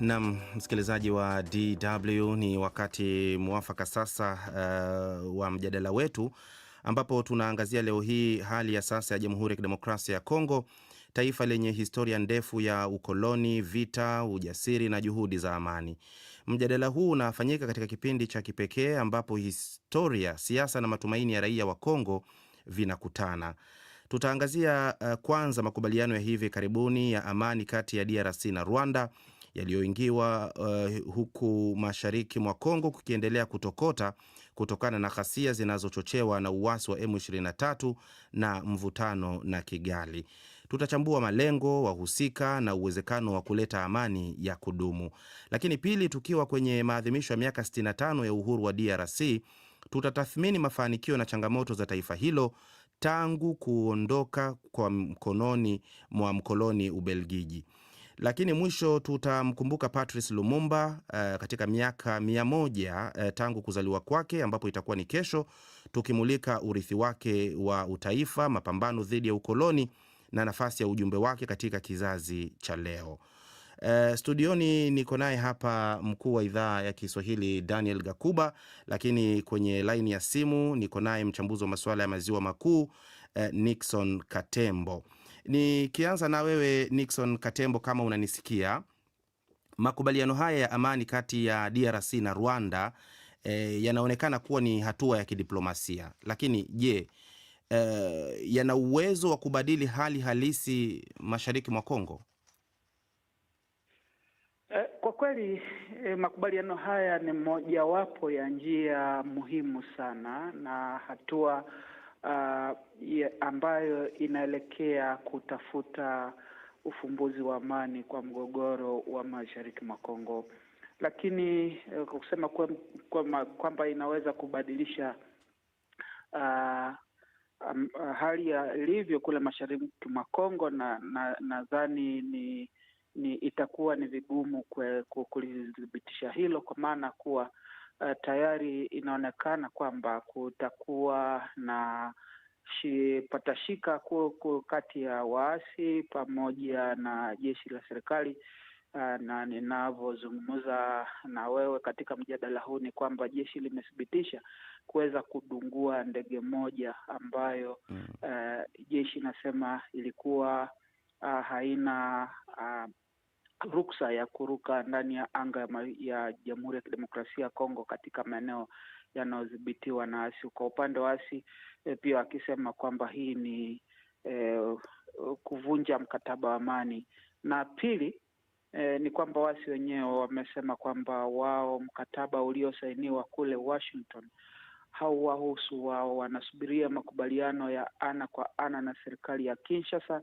Nam msikilizaji wa DW, ni wakati mwafaka sasa uh, wa mjadala wetu ambapo tunaangazia leo hii hali ya sasa ya Jamhuri ya Kidemokrasia ya Kongo, taifa lenye historia ndefu ya ukoloni, vita, ujasiri na juhudi za amani. Mjadala huu unafanyika katika kipindi cha kipekee ambapo historia, siasa na matumaini ya raia wa Kongo vinakutana. Tutaangazia uh, kwanza makubaliano ya hivi karibuni ya amani kati ya DRC na Rwanda yaliyoingiwa uh, huku mashariki mwa Kongo kukiendelea kutokota kutokana na ghasia zinazochochewa na uasi wa M23 na mvutano na Kigali. Tutachambua malengo, wahusika na uwezekano wa kuleta amani ya kudumu. Lakini pili, tukiwa kwenye maadhimisho ya miaka 65 ya uhuru wa DRC, tutatathmini mafanikio na changamoto za taifa hilo tangu kuondoka kwa mkononi mwa mkoloni Ubelgiji. Lakini mwisho tutamkumbuka Patrice Lumumba uh, katika miaka mia moja uh, tangu kuzaliwa kwake, ambapo itakuwa ni kesho, tukimulika urithi wake wa utaifa, mapambano dhidi ya ukoloni na nafasi ya ujumbe wake katika kizazi cha leo. Uh, studioni niko naye hapa mkuu wa idhaa ya Kiswahili Daniel Gakuba, lakini kwenye laini ya simu niko naye mchambuzi wa masuala ya maziwa makuu uh, Nixon Katembo. Nikianza na wewe Nixon Katembo, kama unanisikia, makubaliano haya ya amani kati ya DRC na Rwanda e, yanaonekana kuwa ni hatua ya kidiplomasia, lakini je, e, yana uwezo wa kubadili hali halisi mashariki mwa Kongo? Eh, kwa kweli eh, makubaliano haya ni mojawapo ya njia muhimu sana na hatua uh, ambayo inaelekea kutafuta ufumbuzi wa amani kwa mgogoro wa mashariki mwa Kongo, lakini uh, kusema kwamba kwa inaweza kubadilisha uh, um, uh, hali ilivyo kule mashariki mwa Kongo, na nadhani na ni, ni itakuwa ni vigumu kulithibitisha hilo kwa maana kuwa Eh, tayari inaonekana kwamba kutakuwa na patashika kati ya waasi pamoja na jeshi la serikali eh, na ninavyozungumza na wewe katika mjadala huu ni kwamba jeshi limethibitisha kuweza kudungua ndege moja ambayo mm. uh, jeshi inasema ilikuwa uh, haina uh, ruksa ya kuruka ndani ya anga ya Jamhuri ya Kidemokrasia ya Kongo katika maeneo yanayodhibitiwa na asi. Kwa upande wa asi e, eh, pia wakisema kwamba hii ni e, kuvunja mkataba wa amani, na pili e, ni kwamba wasi wenyewe wamesema kwamba wao mkataba uliosainiwa kule Washington hauwahusu wao, wanasubiria makubaliano ya ana kwa ana na serikali ya Kinshasa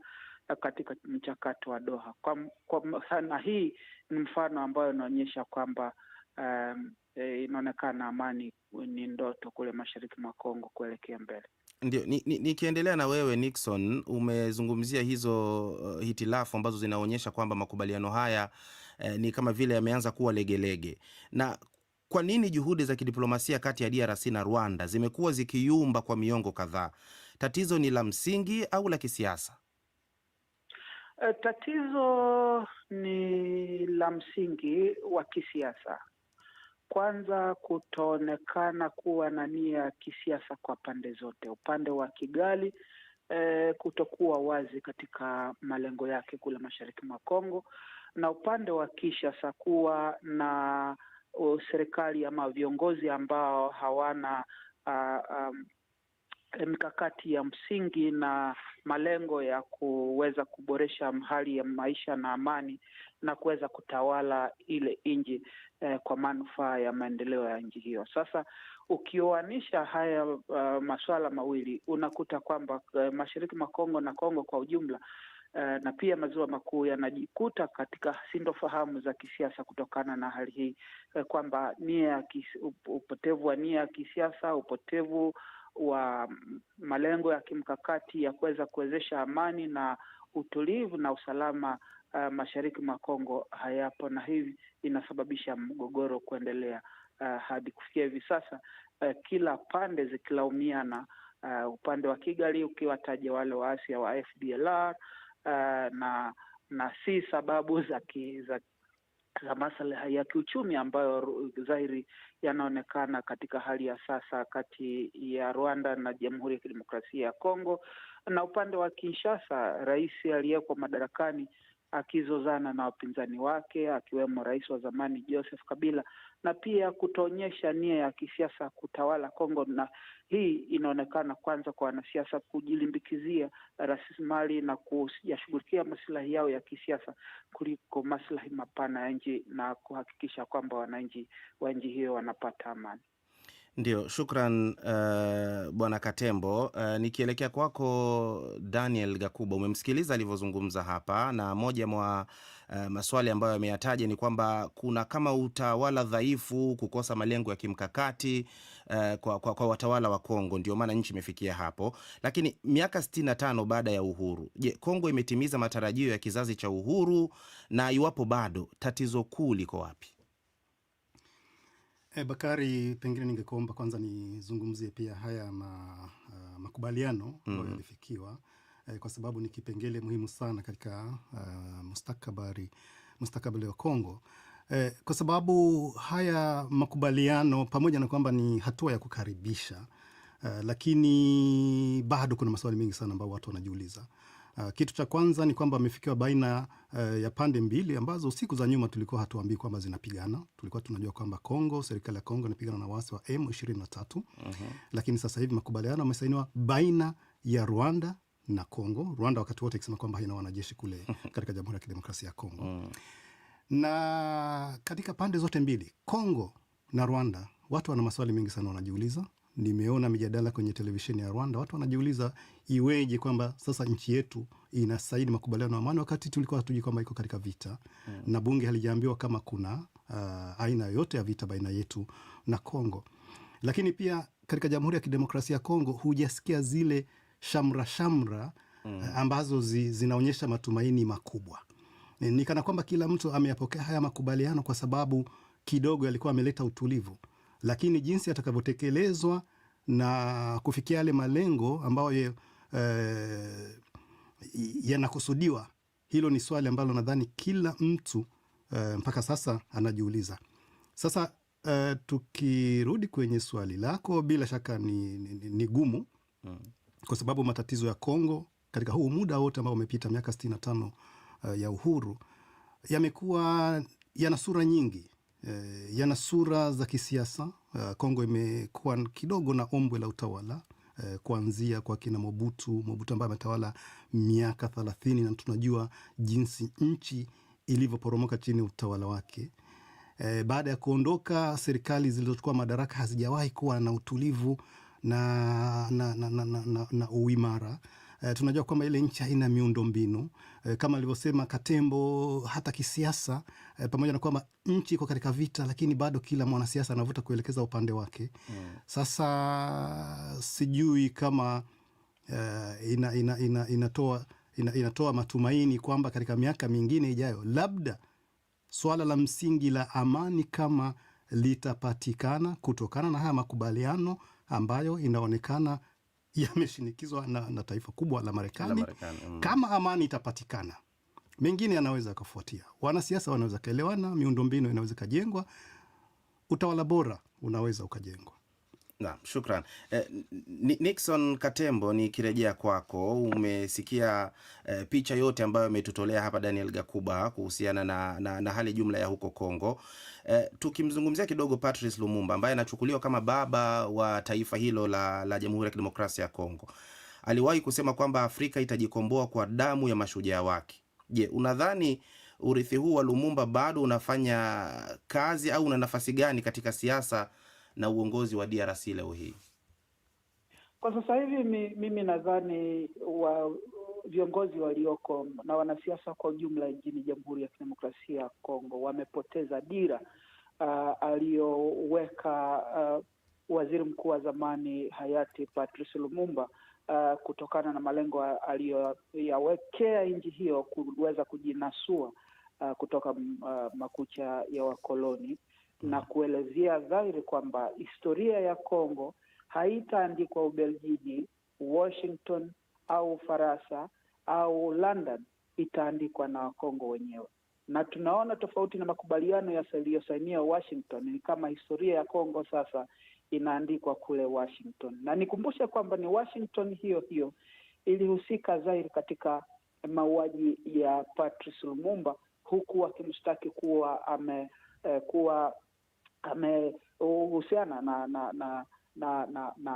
katika mchakato wa Doha. Kwa, kwa sana hii ni mfano ambayo inaonyesha kwamba um, e, inaonekana amani ni ndoto kule mashariki mwa Kongo kuelekea mbele. Ndio, nikiendelea ni, ni na wewe Nixon, umezungumzia hizo uh, hitilafu ambazo zinaonyesha kwamba makubaliano haya eh, ni kama vile yameanza kuwa legelege lege. Na kwa nini juhudi za kidiplomasia kati ya DRC na Rwanda zimekuwa zikiyumba kwa miongo kadhaa? Tatizo ni la msingi au la kisiasa? Eh, tatizo ni la msingi wa kisiasa. Kwanza, kutoonekana kuwa na nia ya kisiasa kwa pande zote, upande wa Kigali e, kutokuwa wazi katika malengo yake kule mashariki mwa Kongo, na upande wa kishasa kuwa na eh, serikali ama viongozi ambao hawana uh, um, Eh, mikakati ya msingi na malengo ya kuweza kuboresha hali ya maisha na amani na kuweza kutawala ile nji eh, kwa manufaa ya maendeleo ya nchi hiyo. Sasa ukioanisha haya uh, eh, masuala mawili unakuta kwamba uh, eh, mashariki makongo Kongo na Kongo kwa ujumla uh, na pia maziwa makuu yanajikuta katika fahamu za kisiasa kutokana na hali hii uh, kwamba nia ya upotevu wa nia ya kisiasa, upotevu wa malengo ya kimkakati ya kuweza kuwezesha amani na utulivu na usalama uh, mashariki mwa Kongo hayapo, na hivi inasababisha mgogoro kuendelea uh, hadi kufikia hivi sasa uh, kila pande zikilaumiana uh, upande wa Kigali ukiwataja wale waasi wa FDLR uh, na na si sababu za masala ya kiuchumi ambayo dhahiri yanaonekana katika hali ya sasa kati ya Rwanda na Jamhuri ya Kidemokrasia ya Kongo, na upande wa Kinshasa, rais aliyeko madarakani akizozana na wapinzani wake akiwemo rais wa zamani Joseph Kabila na pia kutoonyesha nia ya kisiasa kutawala Kongo, na hii inaonekana kwanza kwa wanasiasa kujilimbikizia rasilimali na kuyashughulikia maslahi yao ya kisiasa kuliko maslahi mapana ya nchi na kuhakikisha kwamba wananchi wa nchi hiyo wanapata amani. Ndio, shukran uh, bwana Katembo. Uh, nikielekea kwako Daniel Gakuba, umemsikiliza alivyozungumza hapa na moja mwa Eh, maswali ambayo ameyataja ni kwamba kuna kama utawala dhaifu, kukosa malengo ya kimkakati uh, kwa, kwa, kwa watawala wa Kongo, ndio maana nchi imefikia hapo. Lakini miaka 65 baada ya uhuru, je, Kongo imetimiza matarajio ya kizazi cha uhuru? Na iwapo bado, tatizo kuu liko wapi? E, Bakari, pengine ningekuomba kwanza nizungumzie pia haya ma, uh, makubaliano ambayo mm -hmm. yalifikiwa Eh, kwa sababu ni kipengele muhimu sana katika uh, mustakabali, mustakabali wa Kongo eh, kwa sababu haya makubaliano pamoja na kwamba ni hatua ya kukaribisha uh, lakini bado kuna maswali mengi sana ambayo watu wanajiuliza. Uh, kitu cha kwanza ni kwamba amefikiwa baina uh, ya pande mbili ambazo siku za nyuma tulikuwa hatuambii kwamba zinapigana. Tulikuwa tunajua kwamba Kongo, serikali ya Kongo inapigana na waasi wa M23 uh -huh. Lakini sasa hivi makubaliano yamesainiwa baina ya Rwanda na Kongo. Rwanda wakati wote ikisema kwamba haina wanajeshi kule katika Jamhuri ya Kidemokrasia ya Kongo mm. na katika pande zote mbili, Kongo na Rwanda, watu wana maswali mengi sana wanajiuliza. Nimeona mijadala kwenye televisheni ya Rwanda, watu wanajiuliza iweje kwamba sasa nchi yetu inasaini makubaliano ya amani wakati tulikuwa hatujui kwamba iko katika vita mm. na bunge halijaambiwa kama kuna uh, aina yoyote ya vita baina yetu na Kongo. Lakini pia katika Jamhuri ya Kidemokrasia ya Kongo hujasikia zile shamra shamra mm. Eh, ambazo zi, zinaonyesha matumaini makubwa. Eh, ni kana kwamba kila mtu ameyapokea haya makubaliano kwa sababu kidogo yalikuwa ameleta utulivu, lakini jinsi atakavyotekelezwa na kufikia yale malengo ambayo e, yanakusudiwa, hilo ni swali ambalo nadhani kila mtu e, mpaka sasa anajiuliza. Sasa e, tukirudi kwenye swali lako, bila shaka ni, ni, ni gumu mm kwa sababu matatizo ya Kongo katika huu muda wote ambao umepita miaka 65 uh, eh, ya uhuru yamekuwa yana sura nyingi uh, yana sura za kisiasa uh, Kongo imekuwa kidogo na ombwe la utawala uh, kuanzia kwa kina Mobutu Mobutu ambaye ametawala miaka thelathini na tunajua jinsi nchi ilivyoporomoka chini ya utawala wake. E, baada ya kuondoka serikali zilizochukua madaraka hazijawahi kuwa na utulivu na, na, na, na, na, na, na uimara. Uh, tunajua kwamba ile nchi haina miundo mbinu uh, kama alivyosema Katembo, hata kisiasa uh, pamoja na kwamba nchi iko katika vita, lakini bado kila mwanasiasa anavuta kuelekeza upande wake mm. Sasa sijui kama uh, ina, ina, ina, inatoa, ina, inatoa matumaini kwamba katika miaka mingine ijayo labda swala la msingi la amani kama litapatikana kutokana na haya makubaliano ambayo inaonekana yameshinikizwa na, na taifa kubwa la Marekani mm. Kama amani itapatikana, mengine yanaweza yakafuatia. Wanasiasa wanaweza kaelewana, miundombinu inaweza ikajengwa, utawala bora unaweza ukajengwa. Na, shukran. Eh, Nixon Katembo, nikirejea kwako, umesikia eh, picha yote ambayo ametutolea hapa Daniel Gakuba kuhusiana na, na, na hali jumla ya huko Kongo. Eh, tukimzungumzia kidogo Patrice Lumumba ambaye anachukuliwa kama baba wa taifa hilo la, la Jamhuri ya Kidemokrasia ya Kongo, aliwahi kusema kwamba Afrika itajikomboa kwa damu ya mashujaa wake. Je, unadhani urithi huu wa Lumumba bado unafanya kazi au una nafasi gani katika siasa na uongozi wa DRC leo hii? Kwa sasa hivi mimi nadhani wa viongozi walioko na wanasiasa kwa ujumla nchini Jamhuri ya Kidemokrasia ya Kongo wamepoteza dira uh, aliyoweka uh, waziri mkuu wa zamani hayati Patrice Lumumba uh, kutokana na malengo aliyoyawekea nchi hiyo kuweza kujinasua uh, kutoka uh, makucha ya wakoloni Mm. na kuelezea dhahiri kwamba historia ya Kongo haitaandikwa Ubelgiji, Washington au Ufaransa au London, itaandikwa na Wakongo wenyewe. Na tunaona tofauti na makubaliano yaliyosainiwa Washington, ni kama historia ya Kongo sasa inaandikwa kule Washington. Na nikumbushe kwamba ni Washington hiyo hiyo ilihusika zaidi katika mauaji ya Patrice Lumumba, huku akimshtaki kuwa amekuwa eh, amehusiana na na na na na, na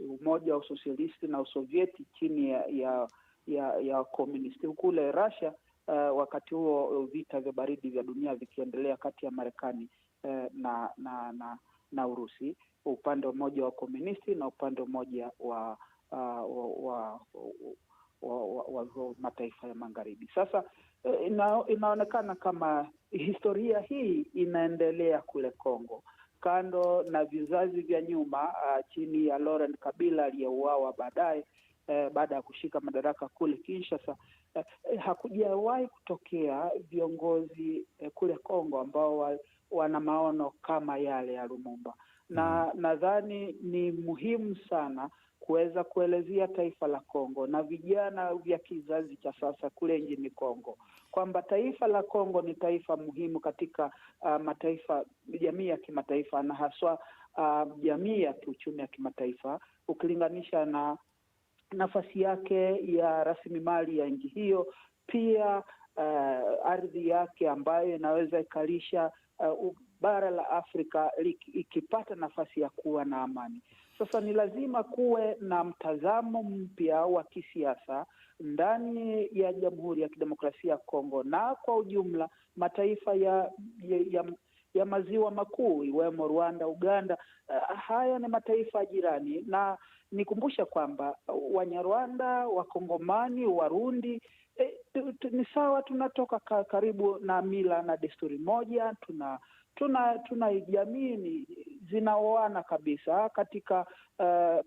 umoja wa usosialisti na usovieti chini ya ya ya, ya komunisti kule Russia. Uh, wakati huo vita vya baridi vya dunia vikiendelea kati ya Marekani uh, na, na na na Urusi, upande mmoja wa komunisti na upande mmoja wa uh, wa, wa, wa wa, wa, wa mataifa ya magharibi. Sasa eh, ina, inaonekana kama historia hii inaendelea kule congo kando na vizazi vya nyuma uh, chini ya Laurent Kabila aliyeuawa baadaye uh, baada ya kushika madaraka kule Kinshasa. Uh, hakujawahi kutokea viongozi uh, kule congo ambao wa, wana maono kama yale ya Lumumba na mm. nadhani ni muhimu sana kuweza kuelezea taifa la Kongo na vijana vya kizazi cha sasa kule nchini Kongo kwamba taifa la Kongo ni taifa muhimu katika uh, mataifa jamii ya kimataifa na haswa uh, jamii uh, ya kiuchumi ya kimataifa ukilinganisha na nafasi yake ya rasilimali ya nchi hiyo pia uh, ardhi yake ambayo inaweza ikalisha uh, bara la Afrika ikipata nafasi ya kuwa na amani. Sasa ni lazima kuwe na mtazamo mpya wa kisiasa ndani ya Jamhuri ya Kidemokrasia ya Kongo na kwa ujumla mataifa ya, ya, ya ya maziwa makuu iwemo Rwanda, Uganda. Uh, haya ni mataifa jirani, na nikumbusha kwamba Wanyarwanda, Wakongomani, Warundi ni sawa, tunatoka ka, karibu na mila na desturi moja, tuna tuna tuna jamii ni zinaoana kabisa katika uh,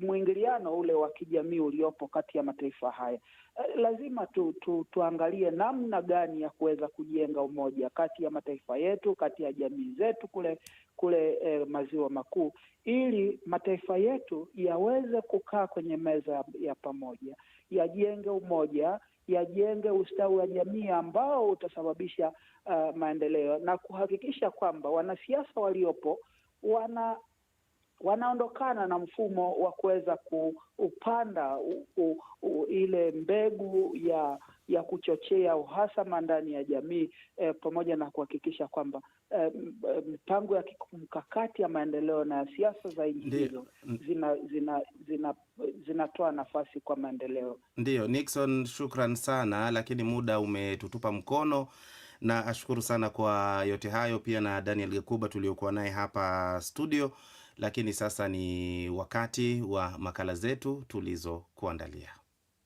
mwingiliano ule wa kijamii uliopo kati ya mataifa haya. Uh, lazima tu, tu tuangalie namna gani ya kuweza kujenga umoja kati ya mataifa yetu, kati ya jamii zetu kule kule eh, maziwa makuu, ili mataifa yetu yaweze kukaa kwenye meza ya pamoja, yajenge umoja yajenge ustawi wa jamii ambao utasababisha uh, maendeleo na kuhakikisha kwamba wanasiasa waliopo wana wanaondokana na mfumo wa kuweza kupanda u, u, u, ile mbegu ya ya kuchochea uhasama ndani ya jamii eh, pamoja na kuhakikisha kwamba eh, eh mipango ya mkakati ya maendeleo na ya siasa za nchi hizo zinatoa zina, zina, zina nafasi kwa maendeleo. Ndiyo, Nixon, shukran sana, lakini muda umetutupa mkono na ashukuru sana kwa yote hayo, pia na Daniel Gekuba tuliokuwa naye hapa studio. Lakini sasa ni wakati wa makala zetu tulizokuandalia.